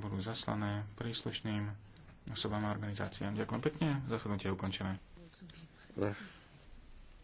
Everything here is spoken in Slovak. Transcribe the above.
budú zaslané príslušným osobám a organizáciám. Ďakujem pekne, zasadnutie je ukončené.